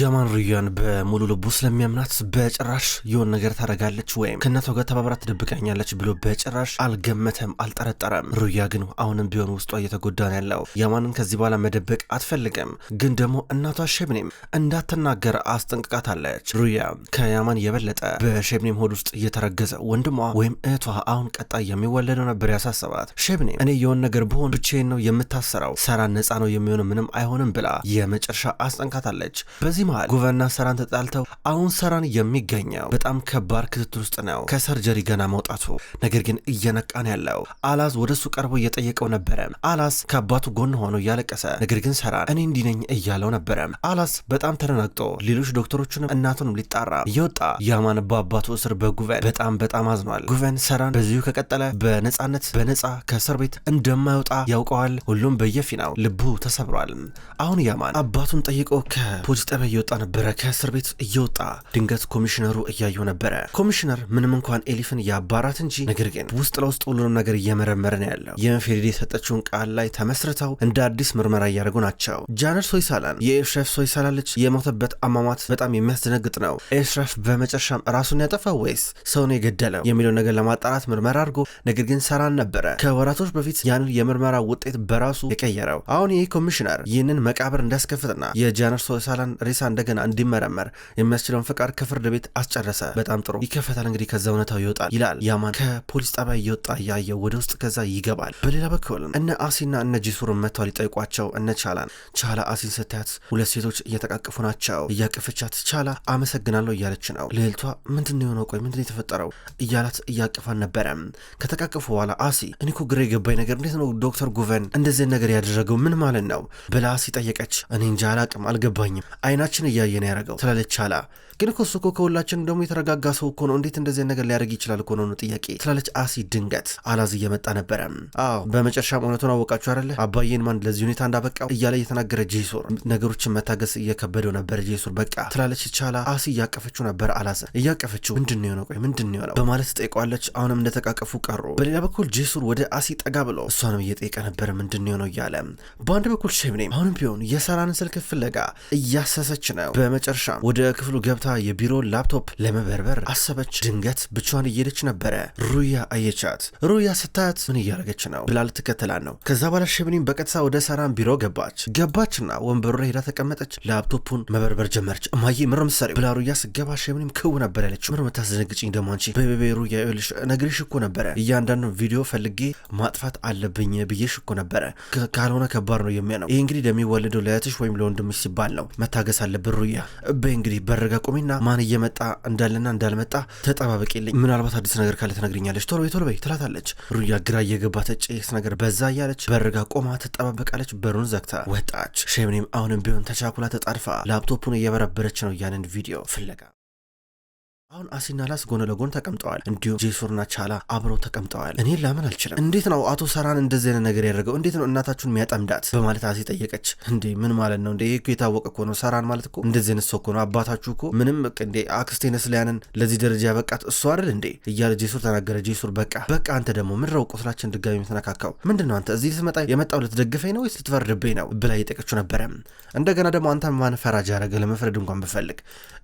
ያማን ሩያን በሙሉ ልቡ ስለሚያምናት በጭራሽ የሆን ነገር ታደርጋለች ወይም ከእናቷ ጋር ተባብራ ትደብቀኛለች ብሎ በጭራሽ አልገመተም፣ አልጠረጠረም። ሩያ ግን አሁንም ቢሆን ውስጧ እየተጎዳ ነው ያለው። ያማንን ከዚህ በኋላ መደበቅ አትፈልግም፣ ግን ደግሞ እናቷ ሸብኔም እንዳትናገር አስጠንቅቃታለች። ሩያ ከያማን የበለጠ በሸብኔም ሆድ ውስጥ እየተረገዘ ወንድሟ ወይም እህቷ አሁን ቀጣይ የሚወለደው ነበር ያሳሰባት። ሸብኔም እኔ የሆን ነገር ብሆን ብቻዬን ነው የምታሰራው፣ ሰራ ነፃ ነው የሚሆነው፣ ምንም አይሆንም ብላ የመጨረሻ አስጠንቅቃታለች። በዚህ መሃል ጉቨና ሰራን ተጣልተው አሁን ሰራን የሚገኘው በጣም ከባድ ክትትል ውስጥ ነው ከሰርጀሪ ገና መውጣቱ። ነገር ግን እየነቃን ያለው አላዝ ወደ እሱ ቀርቦ እየጠየቀው ነበረ። አላዝ ከአባቱ ጎን ሆኖ እያለቀሰ ነገር ግን ሰራን እኔ እንዲነኝ እያለው ነበረ። አላዝ በጣም ተደናግጦ ሌሎች ዶክተሮችንም እናቱንም ሊጣራ እየወጣ ያማን በአባቱ እስር በጉቨን በጣም በጣም አዝኗል። ጉቨን ሰራን በዚሁ ከቀጠለ በነጻነት በነጻ ከእስር ቤት እንደማይወጣ ያውቀዋል። ሁሉም በየፊናው ልቡ ተሰብሯል። አሁን ያማን አባቱን ጠይቆ ከፖሊስ እየቀረበ እየወጣ ነበረ። ከእስር ቤት እየወጣ ድንገት ኮሚሽነሩ እያየው ነበረ። ኮሚሽነር ምንም እንኳን ኤሊፍን ያባራት እንጂ ነገር ግን ውስጥ ለውስጥ ሁሉንም ነገር እየመረመረ ነው ያለው። የመፌዴድ የሰጠችውን ቃል ላይ ተመስርተው እንደ አዲስ ምርመራ እያደረጉ ናቸው። ጃነር ሶይሳላን የኤሽረፍ ሶይሳላ ልጅ የሞተበት አሟሟት በጣም የሚያስደነግጥ ነው። ኤሽረፍ በመጨረሻም ራሱን ያጠፋው ወይስ ሰውን የገደለው የሚለውን ነገር ለማጣራት ምርመራ አድርጎ ነገር ግን ሰራን ነበረ ከወራቶች በፊት ያንን የምርመራ ውጤት በራሱ የቀየረው። አሁን ይህ ኮሚሽነር ይህንን መቃብር እንዳስከፍትና የጃነር ሶይሳላን ሬሳ እንደገና እንዲመረመር የሚያስችለውን ፈቃድ ከፍርድ ቤት አስጨረሰ። በጣም ጥሩ ይከፈታል እንግዲህ ከዛ እውነታው ይወጣል ይላል ያማን ከፖሊስ ጣቢያ እየወጣ ያየው ወደ ውስጥ ከዛ ይገባል። በሌላ በኩል እነ አሲና እነ ጂሱርን መጥተው ሊጠይቋቸው እነ ቻላን ቻላ አሲን ስታያት ሁለት ሴቶች እየተቃቀፉ ናቸው። እያቀፈቻት ቻላ አመሰግናለሁ እያለች ነው። ልዕልቷ ምንድን የሆነው? ቆይ ምንድን የተፈጠረው እያላት እያቀፋን ነበረ። ከተቃቀፉ በኋላ አሲ እኔ እኮ ግራ የገባኝ ነገር እንዴት ነው ዶክተር ጉቨን እንደዚህ ነገር ያደረገው ምን ማለት ነው ብላ አሲ ጠየቀች። እኔ እንጃ አላቅም አልገባኝም አይና አይናችን እያየ ነው ያደረገው ትላለች አላ። ግን እኮ እሱ እኮ ከሁላችን ደግሞ የተረጋጋ ሰው እኮ ነው፣ እንዴት እንደዚህ ነገር ሊያደርግ ይችላል እኮ ነው ጥያቄ ትላለች አሲ። ድንገት አላዝ እየመጣ ነበረ። አዎ በመጨረሻም እውነቱን አወቃችሁ አይደለ አባዬን ማን ለዚህ ሁኔታ እንዳበቃው እያለ እየተናገረ ጄሱር፣ ነገሮችን መታገስ እየከበደው ነበር ጄሱር በቃ ትላለች ቻላ። አሲ እያቀፈችው ነበር አላዝ እያቀፈችው ምንድን ነው የሆነው ቆይ ምንድን ነው የሆነው በማለት ጠይቋለች። አሁንም እንደተቃቀፉ ቀሩ። በሌላ በኩል ጄሱር ወደ አሲ ጠጋ ብሎ እሷንም እየጠየቀ ነበረ ምንድን ነው የሆነው እያለ። በአንድ በኩል ሸምኔም አሁንም ቢሆን የሰራንን ስልክ ፍለጋ እያሰሰ እየተመለከተች ነው። በመጨረሻም ወደ ክፍሉ ገብታ የቢሮን ላፕቶፕ ለመበርበር አሰበች። ድንገት ብቻዋን እየሄደች ነበረ። ሩያ አየቻት። ሩያ ስታያት ምን እያደረገች ነው ብላ ልትከተላት ነው። ከዛ በኋላ ሸብኒን በቀጥታ ወደ ሰራም ቢሮ ገባች። ገባችና ወንበሩ ላይ ሄዳ ተቀመጠች። ላፕቶፑን መበርበር ጀመረች። እማዬ ምር ምሳሌ ብላ ሩያ ስገባ ሸብኒም ክው ነበር ያለችው። ምር መታዘነግጭኝ ደሞ አንቺ በቤቤ ሩያ ልሽ ነግሬሽ እኮ ነበረ እያንዳንዱ ቪዲዮ ፈልጌ ማጥፋት አለብኝ ብዬሽ እኮ ነበረ። ካልሆነ ከባድ ነው የሚያ ነው ይህ እንግዲህ ለሚወለደው ለእህትሽ ወይም ለወንድምሽ ሲባል ነው መታገስ አለ ብሩያ። በይ እንግዲህ በረጋ ቁሚና ማን እየመጣ እንዳለና እንዳልመጣ ተጠባበቂልኝ፣ ምናልባት አዲስ ነገር ካለ ትነግርኛለች፣ ቶሎ በይ ቶሎ በይ ትላታለች። ሩያ ግራ እየገባ ተጨስ ነገር በዛ እያለች በረጋ ቆማ ትጠባበቃለች። በሩን ዘግታ ወጣች። ሸምኔም አሁንም ቢሆን ተቻኩላ ተጣድፋ ላፕቶፑን እየበረበረች ነው ያንን ቪዲዮ ፍለጋ አሁን አሲናላስ ጎን ለጎን ተቀምጠዋል። እንዲሁም ጄሱርና ቻላ አብረው ተቀምጠዋል። እኔ ላምን አልችልም። እንዴት ነው አቶ ሰራን እንደዚህ አይነት ነገር ያደርገው? እንዴት ነው እናታችሁን የሚያጠምዳት በማለት አሲ ጠየቀች። እንዴ ምን ማለት ነው? እንዴ ይህ የታወቀ እኮ ነው። ሰራን ማለት እኮ እንደዚህ አይነት ሰው እኮ ነው። አባታችሁ እኮ ምንም እንዴ አክስቴ ነስሊያንን ለዚህ ደረጃ ያበቃት እሱ አይደል እንዴ እያለ ጄሱር ተናገረ። ጄሱር በቃ በቃ፣ አንተ ደግሞ ምድረው ቁስላችን ድጋሚ የምትነካካው ምንድን ነው? አንተ እዚህ ልትመጣ የመጣው ልትደግፈኝ ነው ወይስ ልትፈርድብኝ ነው ብላ የጠየቀችው ነበረ። እንደገና ደግሞ አንተ ማን ፈራጅ ያደረገ ለመፍረድ እንኳን ብፈልግ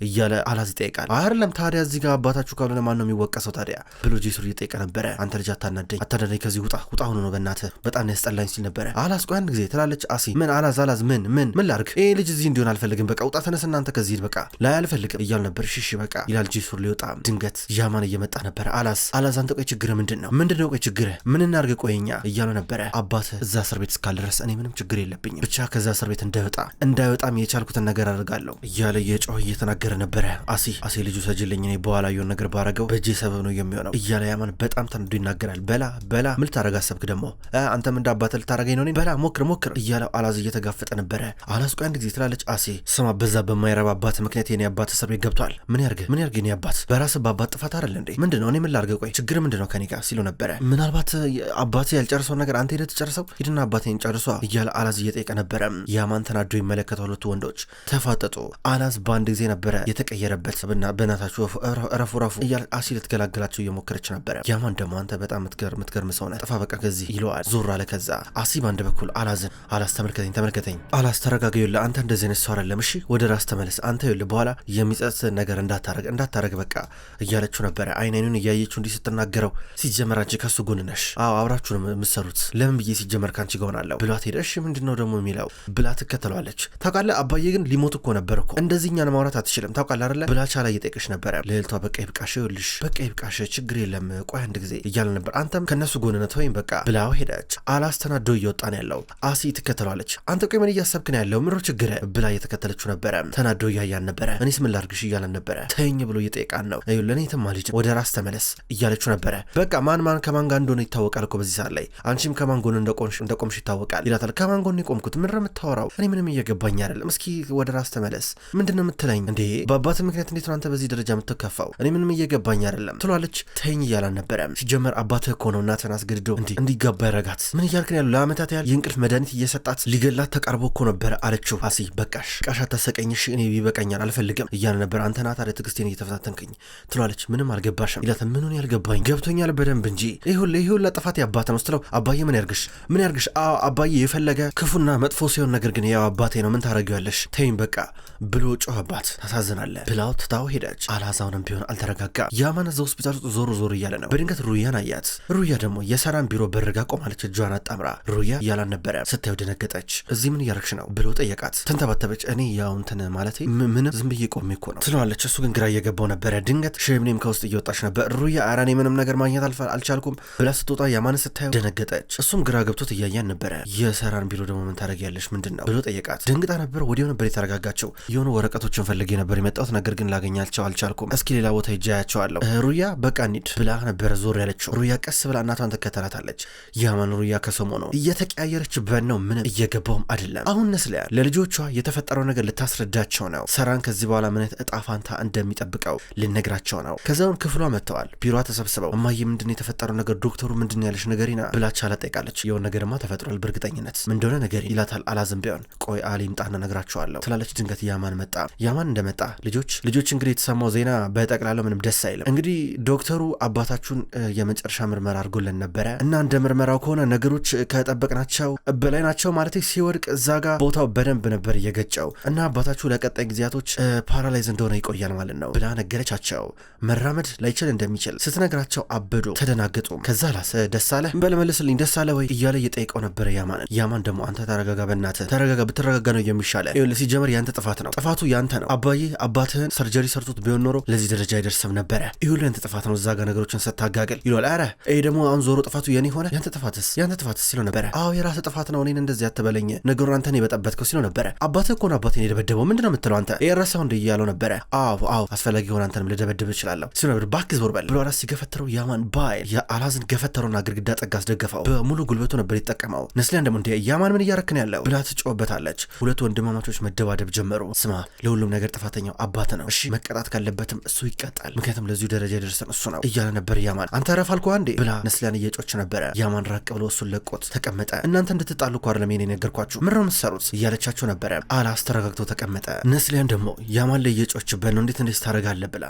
እያለ አላዚ ጠይቃል። አይደለም ታዲያ ታዲያ እዚህ ጋር አባታችሁ ካልሆነ ማን ነው የሚወቀሰው ታዲያ ብሎ ጄሱር እየጠየቀ ነበረ። አንተ ልጅ አታናደኝ፣ አታናደኝ ከዚህ ውጣ፣ ውጣ ሆኖ ነው በእናትህ በጣም ነው ያስጠላኝ ሲል ነበረ። አላዝ ቆይ አንድ ጊዜ ትላለች አሲ። ምን አላዝ አላዝ ምን ምን ምን ላርግ? ይሄ ልጅ እዚህ እንዲሆን አልፈልግም። በቃ ውጣ፣ ተነስ እናንተ ከዚህ በቃ ላይ አልፈልግም እያሉ ነበር። ሽሽ በቃ ይላል ጄሱር ሊወጣ ድንገት ያማን እየመጣ ነበረ። አላዝ አላዝ አንተ ቆይ ችግር ምንድን ነው ምንድን ነው ቆይ ችግር ምን እናርገ ቆይኛ እያሉ ነበረ። አባትህ እዛ እስር ቤት እስካልደረስ እኔ ምንም ችግር የለብኝም ብቻ ከዛ እስር ቤት እንዳይወጣ እንዳይወጣም የቻልኩትን ነገር አድርጋለሁ እያለ የጮህ እየተናገረ ነበረ። አሲ አሴ ልጁ ሰጅልኝ እኔ በኋላ የሆነ ነገር ባረገው በእጄ ሰበብ ነው የሚሆነው እያለ ያማን በጣም ተንዱ ይናገራል። በላ በላ ምን ልታረግ አሰብክ ደግሞ አንተም እንደ አባት ልታረገኝ ነው? በላ ሞክር ሞክር እያለው አላዝ እየተጋፈጠ ነበረ። አላዝ ቆይ አንድ ጊዜ ትላለች አሴ። ስማ በዛ በማይረባ አባት ምክንያት የኔ አባት እስር ቤት ገብቷል። ምን ያርግ ምን ያርግ የኔ አባት በራስ በአባት ጥፋት አይደል እንዴ? ምንድነው እኔ ምን ላርገ? ቆይ ችግር ምንድነው ከኔ ጋር ሲሉ ነበረ። ምናልባት አባት ያልጨርሰው ነገር አንተ ሄደ ትጨርሰው ሂድና አባቴን ጨርሷ እያለ አላዝ እየጠየቀ ነበረ። ያማን ተናዶ ይመለከተ ሁለቱ ወንዶች ተፋጠጡ። አላዝ በአንድ ጊዜ ነበረ የተቀየረበት። ብና በእናታችሁ ረፉ ረፉ እያል አሲ ልትገላገላቸው እየሞከረች ነበረ። ያማን ደግሞ አንተ በጣም ምትገርም ሰው ነህ፣ ጥፋ በቃ ከዚህ ይለዋል። ዞር አለ። ከዛ አሲ በአንድ በኩል አላዝን አላስ ተመልከተኝ ተመልከተኝ አላስ ተረጋጋ፣ ይኸውልህ አንተ እንደዚህ አይነት ሰው አይደለም፣ እሺ ወደ ራስ ተመለስ አንተ ይኸውልህ በኋላ የሚጸጽትህን ነገር እንዳታረግ እንዳታረግ በቃ እያለችው ነበረ። አይን አይኑን እያየችው እንዲህ ስትናገረው ሲጀመር አንቺ ከሱ ጎን ነሽ፣ አዎ አብራችሁ ነው የምትሰሩት፣ ለምን ብዬ ሲጀመር ከአንቺ ጋር ሆናለሁ ብሏት ሄደ። እሺ ምንድን ነው ደግሞ የሚለው ብላ ትከተለዋለች። ታውቃለህ አባዬ ግን ሊሞት እኮ ነበር እኮ እንደዚህ እኛን ማውራት አትችልም ታውቃለህ አይደለ ብላቻ ላይ እየጠየቀች ነበረ ልዕልቷ በቃ ይብቃሽ፣ ይኸውልሽ በቃ ይብቃሽ፣ ችግር የለም ቆይ አንድ ጊዜ እያለ ነበር። አንተም ከእነሱ ጎንነት ወይም በቃ ብላው ሄደች። አላስተናዶ እየወጣ ነው ያለው። አሲ ትከተሏለች። አንተ ቆይ ምን እያሰብክ ነው ያለው ምሮ ችግር ብላ እየተከተለችው ነበረ። ተናዶ እያያን ነበረ። እኔስ ምን ላድርግሽ እያለን ነበረ። ተኝ ብሎ እየጠየቃን ነው። ለእኔ ትማ ልጅ ወደ ራስ ተመለስ እያለችው ነበረ። በቃ ማን ማን ከማን ጋር እንደሆነ ይታወቃል እኮ በዚህ ሰዓት ላይ አንቺም ከማን ጎን እንደቆምሽ ይታወቃል ይላታል። ከማን ጎን የቆምኩት ምን ነው የምታወራው? እኔ ምንም እየገባኝ አይደለም። እስኪ ወደ ራስ ተመለስ። ምንድን ነው የምትለኝ እንዴ? በአባት ምክንያት እንዴት ነው አንተ በዚህ ደረጃ ተከፋው። እኔ ምንም እየገባኝ አይደለም ትሏለች። ተኝ እያላን ነበረ። ሲጀመር አባትህ እኮ ነው እናትህን አስገድዶ እንዲህ እንዲገባ ያረጋት። ምን እያልክን ያሉ ለአመታት ያህል የእንቅልፍ መድኃኒት እየሰጣት ሊገላት ተቃርቦ እኮ ነበረ አለችው። አሲ በቃሽ ቃሻ ተሰቀኝሽ፣ እኔ ይበቃኛል፣ አልፈልግም እያለ ነበር። አንተ ናት አደ ትዕግስቴን እየተፈታተንክኝ ትሏለች። ምንም አልገባሽም ይላት። ምኑን ያልገባኝ ገብቶኛል በደንብ እንጂ ይሁን ይሁን ለጥፋት ያባት ነው ስትለው አባዬ ምን ያርግሽ ምን ያርግሽ አባዬ የፈለገ ክፉና መጥፎ ሲሆን ነገር ግን ያው አባቴ ነው ምን ታደረጊዋለሽ ተይኝ በቃ ብሎ ጮኸባት። ታሳዝናለ ብላው ትታው ሄደች። አልሐሰን እስካሁንም ቢሆን አልተረጋጋ ያማን እዛ ሆስፒታል ውስጥ ዞር ዞር እያለ ነው። በድንገት ሩያን አያት። ሩያ ደግሞ የሰራን ቢሮ በርጋ ቆማለች፣ እጇን አጣምራ። ሩያ እያላን ነበረ። ስታዩ ደነገጠች። እዚህ ምን እያረግሽ ነው ብሎ ጠየቃት። ተንተባተበች። እኔ ያው እንትን ማለት ምንም ዝም ብዬ ቆሜ እኮ ነው ትለዋለች። እሱ ግን ግራ እየገባው ነበረ። ድንገት ሸምኔም ከውስጥ እየወጣች ነበር። ሩያ ኧረ እኔ ምንም ነገር ማግኘት አልቻልኩም ብላ ስትወጣ የአማን ስታየው ደነገጠች። እሱም ግራ ገብቶት እያያን ነበረ። የሰራን ቢሮ ደግሞ ምን ታደርጊያለሽ ምንድን ነው ብሎ ጠየቃት። ደንግጣ ነበር። ወዲያው ነበር የተረጋጋቸው። የሆኑ ወረቀቶችን ፈልጌ ነበር የመጣሁት ነገር ግን ላገኛቸው አልቻልኩም እስኪ ሌላ ቦታ ይጃያቸዋለሁ። ሩያ በቃ ኒድ ብላ ነበረ ዞር ያለችው። ሩያ ቀስ ብላ እናቷን ትከተላታለች። ያማን ሩያ ከሰሞኑ እየተቀያየረችበት ነው። ምንም እየገባውም አይደለም። አሁን ነስሊያ ለልጆቿ የተፈጠረው ነገር ልታስረዳቸው ነው። ሰራን ከዚህ በኋላ ምን አይነት እጣ ፋንታ እንደሚጠብቀው ልነግራቸው ነው። ከዛውን ክፍሏ መጥተዋል። ቢሯ ተሰብስበው እማዬ ምንድን የተፈጠረው ነገር ዶክተሩ ምንድን ያለች ነገሪና ቻላ ጠይቃለች። የሆነ ነገርማ ተፈጥሯል በእርግጠኝነት ምን እንደሆነ ነገር ይላታል። አላዝም ቢሆን ቆይ አሊ ምጣና ነግራቸዋለሁ ትላለች። ድንገት ያማን መጣ። ያማን እንደመጣ ልጆች ልጆች እንግዲህ የተሰማው ዜና በጠቅላላ ምንም ደስ አይልም። እንግዲህ ዶክተሩ አባታችሁን የመጨረሻ ምርመራ አድርጎልን ነበረ እና እንደ ምርመራው ከሆነ ነገሮች ከጠበቅናቸው በላይ ናቸው ማለት ሲወድቅ እዛ ጋር ቦታው በደንብ ነበር እየገጨው እና አባታችሁ ለቀጣይ ጊዜያቶች ፓራላይዝ እንደሆነ ይቆያል ማለት ነው ብላ ነገረቻቸው። መራመድ ላይችል እንደሚችል ስትነግራቸው አበዶ ተደናገጡ። ከዛ ላስ ደሳለህ በለመልስልኝ አለ ወይ እያለ እየጠየቀው ነበረ ያማን። ያማን ደግሞ አንተ ተረጋጋ፣ በእናት ተረጋጋ፣ ብትረጋጋ ነው የሚሻለ። ሲጀመር ያንተ ጥፋት ነው፣ ጥፋቱ ያንተ ነው። አባዬ አባትህን ሰርጀሪ ሰርቶት ቢሆን ኖሮ ለዚህ ደረጃ አይደርስም ነበረ። ይሁሉ ያንተ ጥፋት ነው እዛ ጋ ነገሮችን ስታጋግል ይሏል። አረ ይሄ ደግሞ አሁን ዞሮ ጥፋቱ የኔ ሆነ ያንተ ጥፋትስ ያንተ ጥፋትስ ሲለው ነበረ። አዎ የራስ ጥፋት ነው እኔን እንደዚህ ያተበለኝ ነገሩን አንተን የበጠበትከው ሲለው ነበረ። አባትህ እኮ ነው አባቴን የደበደበው ነው የምትለው አንተ የረሳው እንደ እያለው ነበረ። አዎ አዎ አስፈላጊ ሆነ አንተንም ልደበድብ እችላለሁ ሲለው ነበር። ባክ ዞር በል ብሎ አላዝ ሲገፈትረው ያማን ባይል የአላዝን ገፈተረውና ግድግዳ ጠጋ አስደገፈው። በሙሉ ጉልበቱ ነበር ይጠቀመው። ነስሊያን ደግሞ እንዲ ያማን ምን እያረክን ያለው ብላ ትጮበታለች። ሁለቱ ወንድማማቾች መደባደብ ጀመሩ። ስማ ለሁሉም ነገር ጥፋተኛው አባት ነው እሺ መቀጣት ካለበትም እሱ ይቀጣል፣ ምክንያቱም ለዚሁ ደረጃ የደረሰን እሱ ነው እያለ ነበር ያማን። አንተ ረፍ አንዴ ብላ ነስሊያን እየጮች ነበረ። ያማን ራቅ ብሎ እሱን ለቆት ተቀመጠ። እናንተ እንድትጣሉ እኮ አይደለም የኔ ነገርኳችሁ፣ ምን ነው የምትሰሩት እያለቻቸው ነበረ። አላስ ተቀመጠ። ነስሊያን ደግሞ ያማን ላይ እየጮችበት ነው፣ እንዴት እንዴት ታደርጋለህ ብላ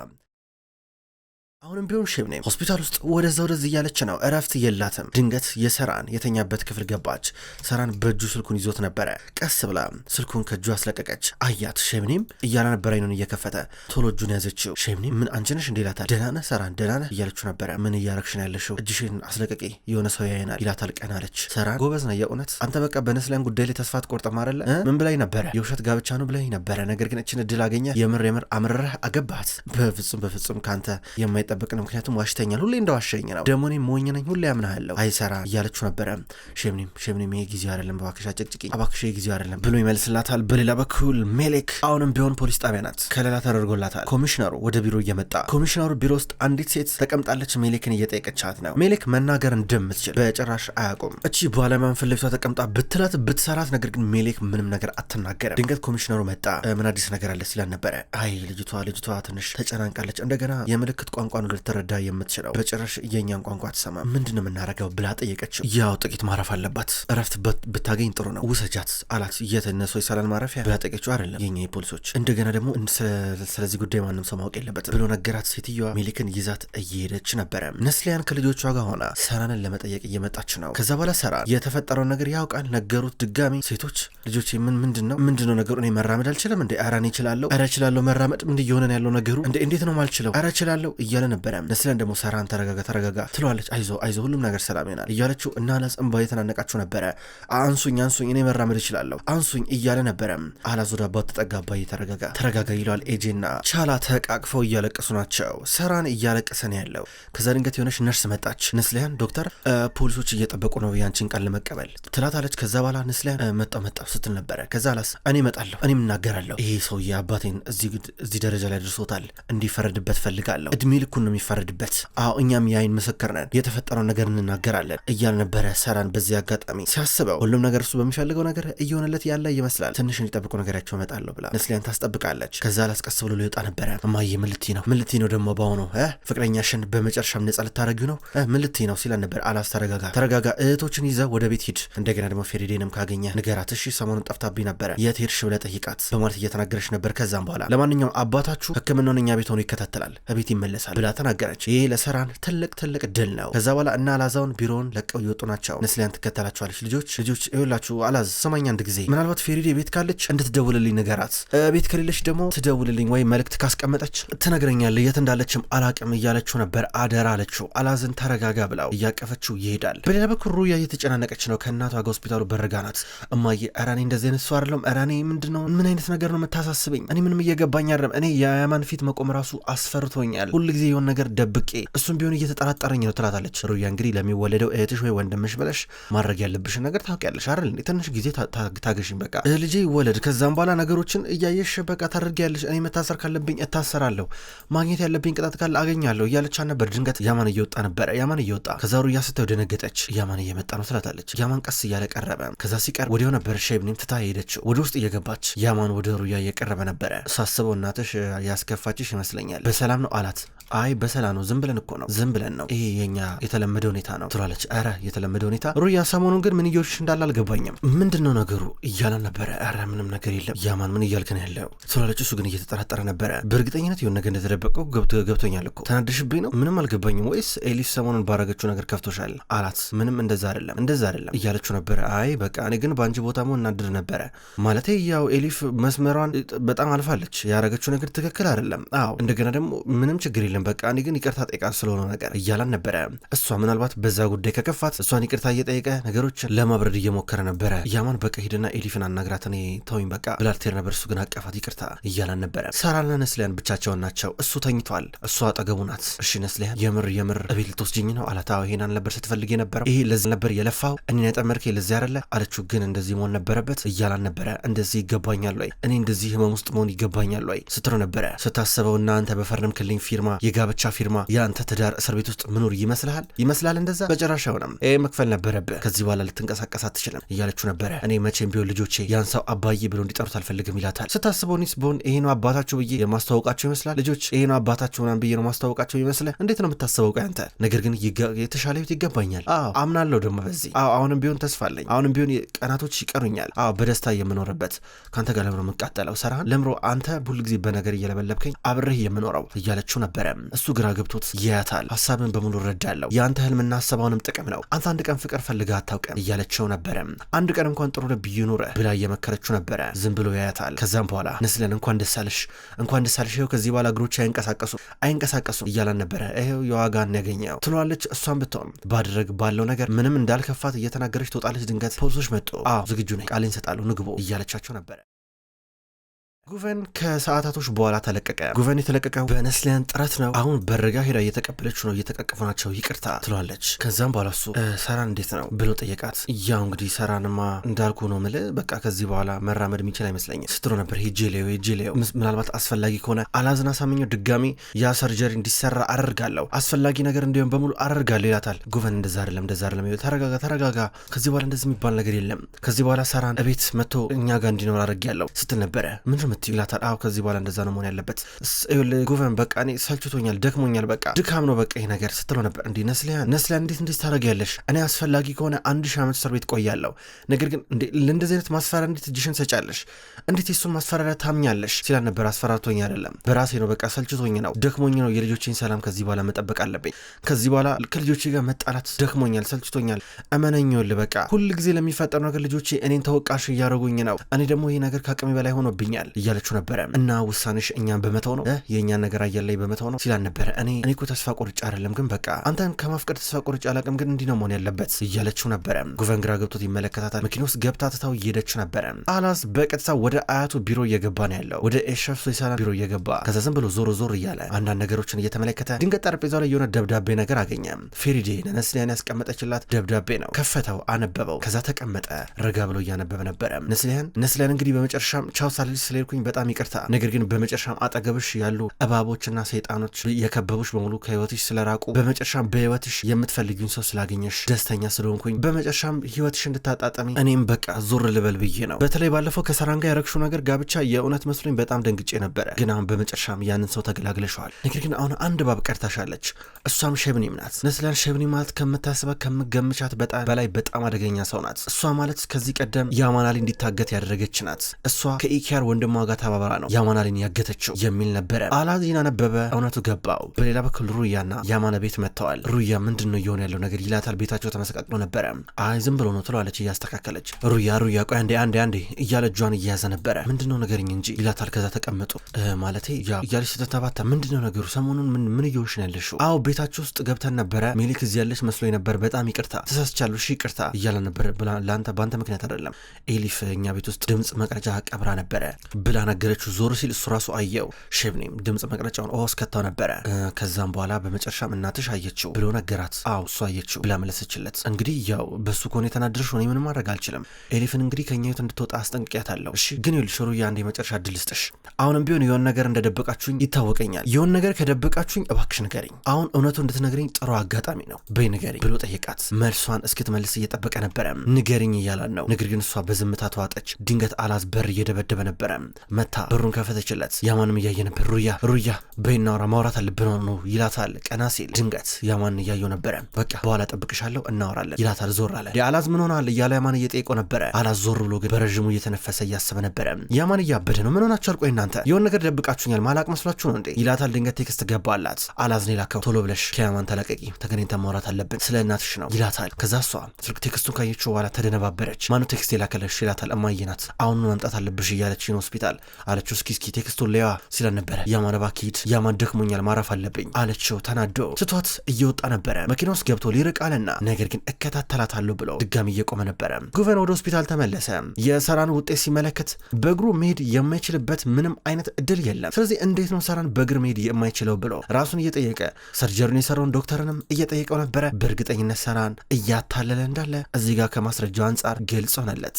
አሁንም ቢሆን ሽብ ነይም ሆስፒታል ውስጥ ወደዛ ወደዚ እያለች ነው፣ እረፍት የላትም። ድንገት የሰራን የተኛበት ክፍል ገባች። ሰራን በእጁ ስልኩን ይዞት ነበረ። ቀስ ብላ ስልኩን ከእጁ አስለቀቀች። አያት። ሸብኔም እያለ ነበር አይኑን እየከፈተ ቶሎ እጁን ያዘችው። ሸብኔም ምን አንቺ ነሽ እንዴ ይላታል። ደህና ነህ ሰራን ደህና ነህ እያለችው ነበረ። ምን እያረግሽ ነው ያለሽው? እጅሽን አስለቀቂ፣ የሆነ ሰው ያይናል ይላታል። ቀን አለች። ሰራን ጎበዝ ነህ የእውነት አንተ በቃ በነስሊያን ጉዳይ ላይ ተስፋ ትቆርጥም አይደለ? ምን ብላኝ ነበረ? የውሸት ጋብቻ ነው ብላኝ ነበረ። ነገር ግን እችን እድል አገኘ የምር የምር አምርረህ አገባት። በፍጹም በፍጹም ከአንተ የማይ እየጠበቅ ነው። ምክንያቱም ዋሽተኛል፣ ሁሌ እንደዋሸኝ ነው። ደግሞ እኔ ሞኝ ነኝ፣ ሁሌ አይሰራ እያለችው ነበረ። ሼምኒም ሼምኒም ይሄ ጊዜው አይደለም፣ እባክሽ አጨቅጭቂኝ፣ እባክሽ ይሄ ጊዜው አይደለም ብሎ ይመልስላታል። በሌላ በኩል ሜሌክ አሁንም ቢሆን ፖሊስ ጣቢያ ናት፣ ከለላ ተደርጎላታል። ኮሚሽነሩ ወደ ቢሮ እየመጣ ኮሚሽነሩ ቢሮ ውስጥ አንዲት ሴት ተቀምጣለች። ሜሌክን እየጠየቀቻት ነው። ሜሌክ መናገር እንደምትችል በጭራሽ አያውቁም። እቺ ባለሙያን ፊት ለፊቷ ተቀምጣ ብትላት ብትሰራት፣ ነገር ግን ሜሌክ ምንም ነገር አትናገርም። ድንገት ኮሚሽነሩ መጣ። ምን አዲስ ነገር አለ ሲላን ነበረ። አይ ልጅቷ ልጅቷ ትንሽ ተጨናንቃለች፣ እንደገና የምልክት ቋንቋ ቋንቋን ልትረዳ የምትችለው በጭራሽ የእኛን ቋንቋ አትሰማም። ምንድን ነው የምናረገው ብላ ጠየቀችው። ያው ጥቂት ማረፍ አለባት፣ እረፍት ብታገኝ ጥሩ ነው፣ ውሰጃት አላት። የተነሱ የሰላን ማረፊያ ብላ ጠየቀችው። አይደለም የኛ ፖሊሶች፣ እንደገና ደግሞ ስለዚህ ጉዳይ ማንም ሰው ማወቅ የለበትም ብሎ ነገራት። ሴትዮዋ ሜሊክን ይዛት እየሄደች ነበረ። ነስሊያን ከልጆቿ ጋር ሆና ሰራንን ለመጠየቅ እየመጣች ነው። ከዛ በኋላ ሰራን የተፈጠረውን ነገር ያውቃል። ነገሩት ድጋሚ ሴቶች ልጆች ምን ምንድን ነው ምንድን ነው ነገሩ? እኔ መራመድ አልችልም እንዴ? ኧረ እኔ እችላለሁ፣ ኧረ እችላለሁ መራመድ። ምንድን እየሆነ ያለው ነገሩ? እንዴት ነው ማልችለው? ኧረ እችላለሁ እያለ ነበረ። ነስሊሀን ደግሞ ሰራን ተረጋጋ ተረጋጋ ትለዋለች። አይዞ አይዞ ሁሉም ነገር ሰላም ይሆናል እያለችው እና አላጽንባ የተናነቃቸው ነበረ። አንሱኝ አንሱኝ እኔ መራመድ እችላለሁ አንሱኝ እያለ ነበረ። አላዞዳ አባት ተጠጋባ ተረጋጋ ተረጋጋ ይለዋል። ኤጄና ቻላ ተቃቅፈው እያለቀሱ ናቸው። ሰራን እያለቀሰ ነው ያለው። ከዛ ድንገት የሆነች ነርስ መጣች። ነስሊሀን ዶክተር ፖሊሶች እየጠበቁ ነው ያንቺን ቃል ለመቀበል ትላታለች። ከዛ በኋላ ነስሊሀን መጣው መጣው ስትል ነበረ። ከዛ አላስ እኔ እመጣለሁ እኔም እናገራለሁ ይሄ ሰውዬ አባቴን እዚህ ደረጃ ላይ ድርሶታል እንዲፈረድበት ፈልጋለሁ እድሜ ልኩ እኩል ነው የሚፈረድበት። አዎ እኛም የአይን ምስክር ነን፣ የተፈጠረው ነገር እንናገራለን እያል ነበረ ሰራን። በዚህ አጋጣሚ ሲያስበው ሁሉም ነገር እሱ በሚፈልገው ነገር እየሆነለት ያለ ይመስላል። ትንሽ እንዲጠብቁ ነገሪያቸው እመጣለሁ ብላ ነስሊያን ታስጠብቃለች። ከዛ ላስቀስ ብሎ ሊወጣ ነበረ። እማዬ ምን ልትይ ነው? ምን ልትይ ነው ደግሞ በአሁኑ ፍቅረኛሽን በመጨረሻም ነጻ ልታረጊው ነው? ምልቲ ነው ሲለን ነበር። አላስ ተረጋጋ፣ ተረጋጋ፣ እህቶችን ይዘ ወደ ቤት ሂድ። እንደገና ደግሞ ፌሬዴንም ካገኘ ንገራት። እሺ ሰሞኑን ጠፍታብኝ ነበረ፣ የት ሄድሽ ብለህ ጠይቃት በማለት እየተናገረች ነበር። ከዛም በኋላ ለማንኛውም አባታችሁ ሕክምናውን እኛ ቤት ሆኖ ይከታተላል፣ ቤት ይመለሳል ብላ ተናገረች። ይህ ለሰራን ትልቅ ትልቅ ድል ነው። ከዛ በኋላ እና አላዛውን ቢሮውን ለቀው እየወጡ ናቸው። ነስሊያን ትከተላቸዋለች። ልጆች ልጆች ይኸውላችሁ አላዝ ሰማኝ አንድ ጊዜ ምናልባት ፌሪዴ ቤት ካለች እንድትደውልልኝ ንገራት፣ ቤት ከሌለች ደግሞ ትደውልልኝ ወይ መልእክት ካስቀመጠች ትነግረኛለ። የት እንዳለችም አላቅም እያለችው ነበር። አደራ አለችው። አላዝን ተረጋጋ ብላው እያቀፈችው ይሄዳል። በሌላ በኩል ሩያ እየተጨናነቀች ነው። ከእናቷ ጋር ሆስፒታሉ በርጋ ናት። እማዬ እራኔ እንደዚህ አይነት አይደለም። እራኔ ምን አይነት ነገር ነው የምታሳስበኝ? እኔ ምንም እየገባኝ አይደለም። እኔ የአያማን ፊት መቆም ራሱ አስፈርቶኛል ሁልጊዜ የሚለውን ነገር ደብቄ እሱም ቢሆን እየተጠራጠረኝ ነው ትላታለች። ሩያ እንግዲህ ለሚወለደው እህትሽ ወይ ወንድምሽ ብለሽ ማድረግ ያለብሽን ነገር ታውቂያለሽ አይደል? ትንሽ ጊዜ ታገሽኝ። በቃ ልጄ ይወለድ፣ ከዛም በኋላ ነገሮችን እያየሽ በቃ ታደርጊያለሽ። እኔ መታሰር ካለብኝ እታሰራለሁ፣ ማግኘት ያለብኝ ቅጣት ካለ አገኛለሁ እያለች ነበር። ድንገት ያማን እየወጣ ነበረ። ያማን እየወጣ ከዛ ሩያ ስተው ደነገጠች። ያማን እየመጣ ነው ትላታለች። ያማን ቀስ እያለ ቀረበ። ከዛ ሲቀር ወዲያው ነበር ሸብኒም ትታ ሄደችው። ወደ ውስጥ እየገባች ያማን ወደ ሩያ እየቀረበ ነበረ። ሳስበው እናትሽ ያስከፋችሽ ይመስለኛል በሰላም ነው አላት። አይ አይ በሰላ ነው ዝም ብለን እኮ ነው ዝም ብለን ነው ይሄ የኛ የተለመደ ሁኔታ ነው ትሏለች። ኧረ የተለመደ ሁኔታ ሩያ፣ ሰሞኑን ግን ምን እየሆንሽ እንዳለ አልገባኝም። ምንድን ነው ነገሩ እያለ ነበረ። ኧረ ምንም ነገር የለም ያማን፣ ምን እያልክ ነው ያለው ትሏለች። እሱ ግን እየተጠራጠረ ነበረ። በእርግጠኝነት የሆነ ነገር እንደተደበቀው ገብቶኛል እኮ ተናደሽብኝ ነው ምንም አልገባኝም። ወይስ ኤሊስ ሰሞኑን ባረገችው ነገር ከፍቶሻል አላት። ምንም እንደዛ አይደለም እንደዛ አይደለም እያለችው ነበረ። አይ በቃ እኔ ግን በአንቺ ቦታ መሆን እናድር ነበረ ማለት ያው ኤሊፍ መስመሯን በጣም አልፋለች። ያረገችው ነገር ትክክል አይደለም። አዎ እንደገና ደግሞ ምንም ችግር የለም በቃ እኔ ግን ይቅርታ ጠይቃት ስለሆነ ነገር እያላን ነበረ። እሷ ምናልባት በዛ ጉዳይ ከከፋት እሷን ይቅርታ እየጠየቀ ነገሮች ለማብረድ እየሞከረ ነበረ። ያማን በቃ ሂድና ኤሊፍን አናግራት እኔ ተወኝ በቃ ብላልቴር ነበር። እሱ ግን አቀፋት ይቅርታ እያላን ነበረ። ሳራና ነስሊያን ብቻቸውን ናቸው። እሱ ተኝቷል፣ እሷ አጠገቡ ናት። እሺ ነስሊያን የምር የምር እቤት ልትወስጅኝ ነው አላታ። ይሄናን ነበር ስትፈልግ የነበረው ይሄ ለዚ ነበር የለፋው እኔን ያጠመድከኝ ለዚ ያደለ አለችው። ግን እንደዚህ መሆን ነበረበት እያላን ነበረ። እንደዚህ ይገባኛል ወይ እኔ እንደዚህ ህመም ውስጥ መሆን ይገባኛል ወይ ስትሮ ነበረ ስታስበውና አንተ ክልኝ ፊርማ የጋብቻ ፊርማ የአንተ ትዳር እስር ቤት ውስጥ ምኖር ይመስልሃል ይመስላል? እንደዛ በጭራሽ አይሆንም። ይህ መክፈል ነበረብህ። ከዚህ በኋላ ልትንቀሳቀስ አትችልም እያለችው ነበረ። እኔ መቼም ቢሆን ልጆቼ ያን ሰው አባዬ ብሎ እንዲጠሩት አልፈልግም ይላታል። ስታስበው እኔስ ብሆን ይሄ ነው አባታችሁ ብዬ የማስተዋወቃቸው ይመስላል። ልጆች ይሄ ነው አባታቸው ምናምን ብዬ ነው ማስተዋወቃቸው ይመስለ። እንዴት ነው የምታስበው? ቆይ አንተ ነገር ግን የተሻለ ህይወት ይገባኛል። አዎ አምናለሁ ደግሞ በዚህ አዎ አሁንም ቢሆን ተስፋ አለኝ። አሁንም ቢሆን ቀናቶች ይቀሩኛል። አዎ በደስታ የምኖርበት ከአንተ ጋር ለምሮ የምቃጠለው ሰራህን ለምሮ አንተ ሁል ጊዜ በነገር እየለበለብከኝ አብሬህ የምኖረው እያለችው ነበረ። እሱ ግራ ገብቶት ያያታል። ሀሳብን በሙሉ እረዳለሁ፣ የአንተ ህልምና ሀሳባውንም ጥቅም ነው። አንተ አንድ ቀን ፍቅር ፈልጋ አታውቅም እያለችው ነበረ። አንድ ቀን እንኳን ጥሩ ልብ ይኑርህ ብላ እየመከረችው ነበረ። ዝም ብሎ ያያታል። ከዛም በኋላ ንስለን እንኳን ደስ እንኳን ደስ አለሽ፣ ይኸው ከዚህ በኋላ እግሮች አይንቀሳቀሱም፣ አይንቀሳቀሱም እያላን ነበረ። ይኸው የዋጋን ያገኘው ትሏለች። እሷን ብትሆን ባድረግ ባለው ነገር ምንም እንዳልከፋት እየተናገረች ትወጣለች። ድንገት ፖሊሶች መጡ። አዎ ዝግጁ ነኝ፣ ቃሌን እሰጣለሁ፣ ንግቦ እያለቻቸው ነበረ። ጉቨን ከሰዓታቶች በኋላ ተለቀቀ። ጉቨን የተለቀቀው በነስሊያን ጥረት ነው። አሁን በርጋ ሄዳ እየተቀበለች ነው። እየተቀቀፉ ናቸው። ይቅርታ ትሏለች። ከዛም በኋላ እሱ ሰራን እንዴት ነው ብሎ ጠየቃት። ያው እንግዲህ ሰራንማ እንዳልኩ ነው ምል በቃ ከዚህ በኋላ መራመድ የሚችል አይመስለኝም ስትሎ ነበር። ሄጄሌዮ ሄጄሌዮ ምናልባት አስፈላጊ ከሆነ አላዝና ሳመኘው ድጋሚ ያ ሰርጀሪ እንዲሰራ አደርጋለሁ፣ አስፈላጊ ነገር እንዲሆን በሙሉ አደርጋለሁ ይላታል። ጉቨን እንደዛ አይደለም እንደዛ አይደለም፣ ተረጋጋ ተረጋጋ፣ ከዚህ በኋላ እንደዚህ የሚባል ነገር የለም። ከዚህ በኋላ ሰራን እቤት መጥቶ እኛ ጋር እንዲኖር አድርጌያለሁ ስትል ነበረ። ምንድ ሁለት ይላታል። አዎ ከዚህ በኋላ እንደዛ ነው መሆን ያለበት ጉቨን፣ በቃ እኔ ሰልችቶኛል፣ ደክሞኛል፣ በቃ ድካም ነው በቃ ይሄ ነገር ስትለው ነበር። እንዲህ ነስሊያ ነስሊያ፣ እንዴት እንዴት ታደርጊያለሽ? እኔ አስፈላጊ ከሆነ አንድ ሺህ ዓመት እስር ቤት ቆያለሁ። ነገር ግን ለእንደዚህ አይነት ማስፈራሪያ እንዴት እጅሽን ሰጫለሽ? እንዴት የሱን ማስፈራሪያ ታምኛለሽ? ሲላል ነበር። አስፈራርቶኝ አይደለም በራሴ ነው በቃ ሰልችቶኝ ነው ደክሞኝ ነው። የልጆችን ሰላም ከዚህ በኋላ መጠበቅ አለብኝ። ከዚህ በኋላ ከልጆቼ ጋር መጣላት ደክሞኛል፣ ሰልችቶኛል። እመነኝውል በቃ ሁል ጊዜ ለሚፈጠሩ ነገር ልጆቼ እኔን ተወቃሽ እያደረጉኝ ነው። እኔ ደግሞ ይሄ ነገር ከአቅሜ በላይ ሆኖብኛል። እያለችው ነበረ። እና ውሳኔሽ እኛን በመተው ነው የእኛን ነገር አየር ላይ በመተው ነው ሲላን ነበረ። እኔ እኔ እኮ ተስፋ ቆርጬ አይደለም፣ ግን በቃ አንተን ከማፍቀድ ተስፋ ቆርጬ አላቅም፣ ግን እንዲህ ነው መሆን ያለበት እያለችው ነበረ። ጉቨን ግራ ገብቶት ይመለከታታል። መኪና ውስጥ ገብታ ትታው እየሄደች ነበረ። አላስ በቀጥታ ወደ አያቱ ቢሮ እየገባ ነው ያለው፣ ወደ ኤሸፍ ሶሳና ቢሮ እየገባ ከዛ ዝም ብሎ ዞር ዞር እያለ አንዳንድ ነገሮችን እየተመለከተ ድንገት ጠረጴዛ ላይ የሆነ ደብዳቤ ነገር አገኘ። ፌሪዴ ነስሊያን ያስቀመጠችላት ደብዳቤ ነው። ከፈተው፣ አነበበው። ከዛ ተቀመጠ። ረጋ ብሎ እያነበበ ነበረ። ነስሊያን ነስሊያን እንግዲህ በመጨረሻም ቻው ሳልልሽ ስለ ካልኩኝ በጣም ይቅርታ። ነገር ግን በመጨረሻም አጠገብሽ ያሉ እባቦችና ሰይጣኖች የከበቡሽ በሙሉ ከህይወትሽ ስለራቁ በመጨረሻም በህይወትሽ የምትፈልጊውን ሰው ስላገኘሽ ደስተኛ ስለሆንኩኝ በመጨረሻም ህይወትሽ እንድታጣጠሚ እኔም በቃ ዞር ልበል ብዬ ነው። በተለይ ባለፈው ከሰራን ጋር ያረግሽው ነገር ጋብቻ የእውነት መስሎኝ በጣም ደንግጬ ነበረ። ግን አሁን በመጨረሻም ያንን ሰው ተገላግለሸዋል። ነገር ግን አሁን አንድ እባብ ቀርታሻለች። እሷም ሸብኒም ናት። ነስሊሀን ሸብኒ ማለት ከምታስበ ከምገምቻት በላይ በጣም አደገኛ ሰው ናት። እሷ ማለት ከዚህ ቀደም የአማናሊ እንዲታገት ያደረገች ናት። እሷ ከኢኪያር ወንድ ከከተማዋ ጋር ተባበራ ነው ያማናሊን ያገተችው የሚል ነበረ። አላዚን አነበበ፣ እውነቱ ገባው። በሌላ በኩል ሩያና ያማነ ቤት መጥተዋል። ሩያ ምንድን ነው እየሆነ ያለው ነገር ይላታል። ቤታቸው ተመሰቃቅሎ ነበረ። አይ ዝም ብሎ ነው ትለዋለች እያስተካከለች። ሩያ ሩያ ቆይ አንዴ አንዴ አንዴ እያለ እጇን እያያዘ ነበረ። ምንድን ነው ነገርኝ እንጂ ይላታል። ከዛ ተቀመጡ ማለቴ እያለች ስተተባታ ነው ነገሩ ሰሞኑን ምን እየሆንሽ ነው ያለሽው? አዎ ቤታቸው ውስጥ ገብተን ነበረ። ሜሊክ እዚህ ያለች መስሎ ነበር። በጣም ይቅርታ ተሳስቻለሁ፣ ሺ ይቅርታ እያለ ነበር። ለአንተ በአንተ ምክንያት አይደለም ኤሊፍ እኛ ቤት ውስጥ ድምፅ መቅረጫ ቀብራ ነበረ ብላ ነገረችው። ዞር ሲል እሱ ራሱ አየው። ሼብኔም ድምፅ መቅረጫውን ኦ እስከታው ነበረ። ከዛም በኋላ በመጨረሻም እናትሽ አየችው ብሎ ነገራት። አው እሱ አየችው ብላ መለሰችለት። እንግዲህ ያው በሱ ከሆነ የተናደድሽ ሆነ ምንም ማድረግ አልችልም። ኤሊፍን እንግዲህ ከኛ ህይወት እንድትወጣ አስጠንቅቂያታለሁ። እሺ ግን ይኸውልሽ ሩያ አንድ የመጨረሻ እድል ስጥሽ። አሁንም ቢሆን የሆን ነገር እንደደበቃችሁኝ ይታወቀኛል። የሆን ነገር ከደበቃችሁኝ እባክሽ ንገሪኝ። አሁን እውነቱ እንድትነግሪኝ ጥሩ አጋጣሚ ነው። በይ ንገሪኝ ብሎ ጠየቃት። መልሷን እስክትመልስ እየጠበቀ ነበረ። ንገሪኝ እያላን ነው። ንግር ግን እሷ በዝምታ ተዋጠች። ድንገት አላዝ በር እየደበደበ ነበረ። መታ በሩን ከፈተችለት። ያማንም እያየ ነበር። ሩያ ሩያ በይናውራ ማውራት አለብን ነው ይላታል። ቀና ሲል ድንገት ያማን እያየው ነበረ። በቃ በኋላ ጠብቅሻለሁ እናወራለን ይላታል። ዞር አለ። አላዝ ምን ሆናል እያለ ያማን እየጠየቀው ነበረ። አላዝ ዞር ብሎ ግን በረዥሙ እየተነፈሰ እያሰበ ነበረ። ያማን እያበደ ነው። ምን ሆናችሁ አልቆይ እናንተ የሆነ ነገር ደብቃችሁኛል ማላቅ መስሏችሁ ነው እንዴ ይላታል። ድንገት ቴክስት ገባላት። አላዝ ነው የላከው። ቶሎ ብለሽ ከያማን ተለቀቂ፣ ተገናኝተን ማውራት አለብን ስለ እናትሽ ነው ይላታል። ከዛ እሷ ስልክ ቴክስቱን ካየችው በኋላ ተደነባበረች። ማኑ ቴክስት የላከለሽ ይላታል። እማዬ ናት አሁኑ መምጣት አለብሽ እያለች ሆስፒታል ይላል አለችው። እስኪ እስኪ ቴክስቱን ሊያ ስለነበረ ያማን እባክህ ሂድ ያማን ደክሞኛል ማረፍ አለብኝ አለችው ተናዶ። ትቷት እየወጣ ነበረ። መኪና ውስጥ ገብቶ ሊርቅ አለና ነገር ግን እከታተላታለሁ ብሎ ድጋሚ እየቆመ ነበረ። ጉቨን ወደ ሆስፒታል ተመለሰ። የሰራን ውጤት ሲመለከት በእግሩ መሄድ የማይችልበት ምንም አይነት እድል የለም። ስለዚህ እንዴት ነው ሰራን በእግር መሄድ የማይችለው ብሎ ራሱን እየጠየቀ ሰርጀሪውን የሰራውን ዶክተርንም እየጠየቀው ነበረ። በእርግጠኝነት ሰራን እያታለለ እንዳለ እዚህ ጋር ከማስረጃው አንጻር ግልጽ ሆነለት።